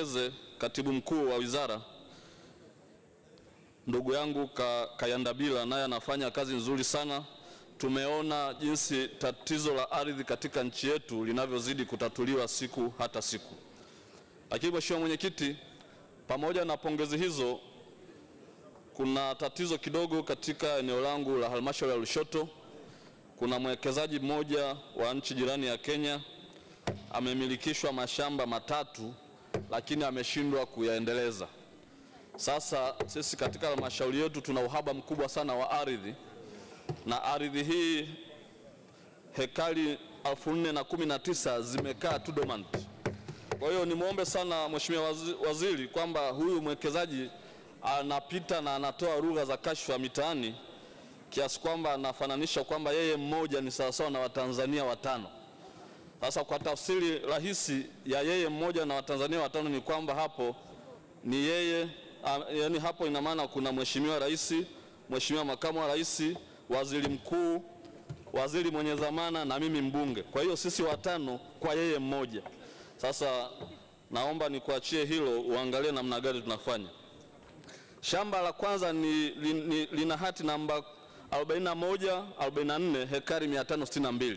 Eze katibu mkuu wa wizara ndugu yangu ka, Kayandabila naye anafanya kazi nzuri sana. Tumeona jinsi tatizo la ardhi katika nchi yetu linavyozidi kutatuliwa siku hata siku. Lakini mheshimiwa mwenyekiti, pamoja na pongezi hizo, kuna tatizo kidogo katika eneo langu la halmashauri ya Lushoto. Kuna mwekezaji mmoja wa nchi jirani ya Kenya amemilikishwa mashamba matatu lakini ameshindwa kuyaendeleza. Sasa sisi katika halmashauri yetu tuna uhaba mkubwa sana wa ardhi, na ardhi hii hekari elfu na kumi na tisa zimekaa tu dormant. Kwa hiyo nimwombe sana Mheshimiwa Waziri kwamba huyu mwekezaji anapita na anatoa lugha za kashfa mitaani kiasi kwamba anafananisha kwamba yeye mmoja ni sawasawa na Watanzania watano. Sasa kwa tafsiri rahisi ya yeye mmoja na Watanzania watano ni kwamba hapo ni yeye yani hapo ina maana kuna mheshimiwa rais, mheshimiwa makamu wa rais, waziri mkuu, waziri mwenye dhamana na mimi mbunge. Kwa hiyo sisi watano kwa yeye mmoja. Sasa naomba nikuachie hilo uangalie namna gani tunafanya. Shamba la kwanza ni, ni, lina hati namba 41 44 hekari 562.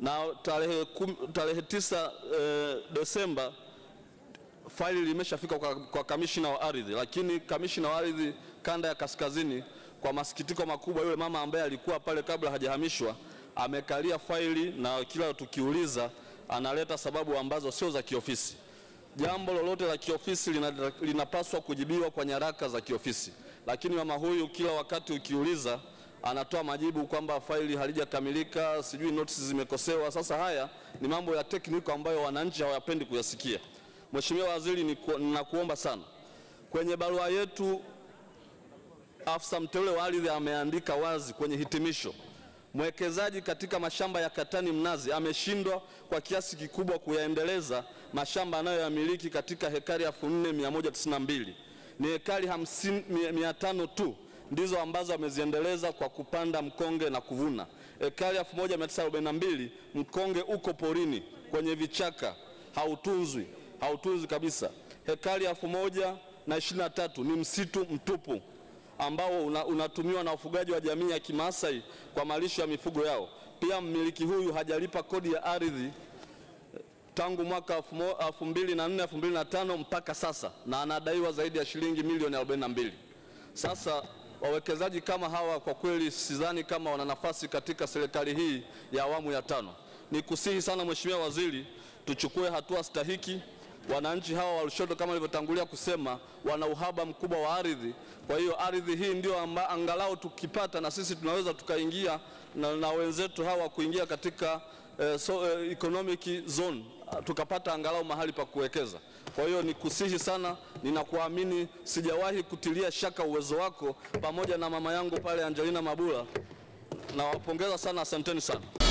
na tarehe, kum, tarehe tisa e, Desemba faili limeshafika kwa, kwa kamishina wa ardhi, lakini kamishina wa ardhi kanda ya kaskazini, kwa masikitiko makubwa, yule mama ambaye alikuwa pale kabla hajahamishwa amekalia faili, na kila tukiuliza analeta sababu ambazo sio za kiofisi. Jambo lolote la kiofisi linapaswa kujibiwa kwa nyaraka za kiofisi, lakini mama huyu kila wakati ukiuliza anatoa majibu kwamba faili halijakamilika, sijui notice zimekosewa. Sasa haya ni mambo ya tekniko ambayo wananchi hawayapendi kuyasikia. Mheshimiwa Waziri, ninakuomba sana, kwenye barua yetu afisa mteule wa ardhi ameandika wazi kwenye hitimisho, mwekezaji katika mashamba ya katani mnazi ameshindwa kwa kiasi kikubwa kuyaendeleza mashamba anayoyamiliki katika hekari 4192 ni hekari 500 tu ndizo ambazo ameziendeleza kwa kupanda mkonge na kuvuna. Ekari 1942 mkonge uko porini kwenye vichaka, hautunzwi, hautunzwi kabisa. Ekari 1023 ni msitu mtupu ambao una, unatumiwa na wafugaji wa jamii ya Kimaasai kwa malisho ya mifugo yao. Pia mmiliki huyu hajalipa kodi ya ardhi eh, tangu mwaka 2004 2005 mpaka sasa, na anadaiwa zaidi ya shilingi milioni 42. Sasa wawekezaji kama hawa kwa kweli sidhani kama wana nafasi katika serikali hii ya awamu ya tano. Ni kusihi sana Mheshimiwa Waziri, tuchukue hatua stahiki. Wananchi hawa wa Lushoto kama alivyotangulia kusema, wana uhaba mkubwa wa ardhi. Kwa hiyo ardhi hii ndio amba, angalau tukipata na sisi tunaweza tukaingia na, na wenzetu hawa kuingia katika eh, so, eh, economic zone tukapata angalau mahali pa kuwekeza. Kwa hiyo ni kusihi sana ninakuamini, sijawahi kutilia shaka uwezo wako, pamoja na mama yangu pale Angelina Mabula. Nawapongeza sana, asanteni sana.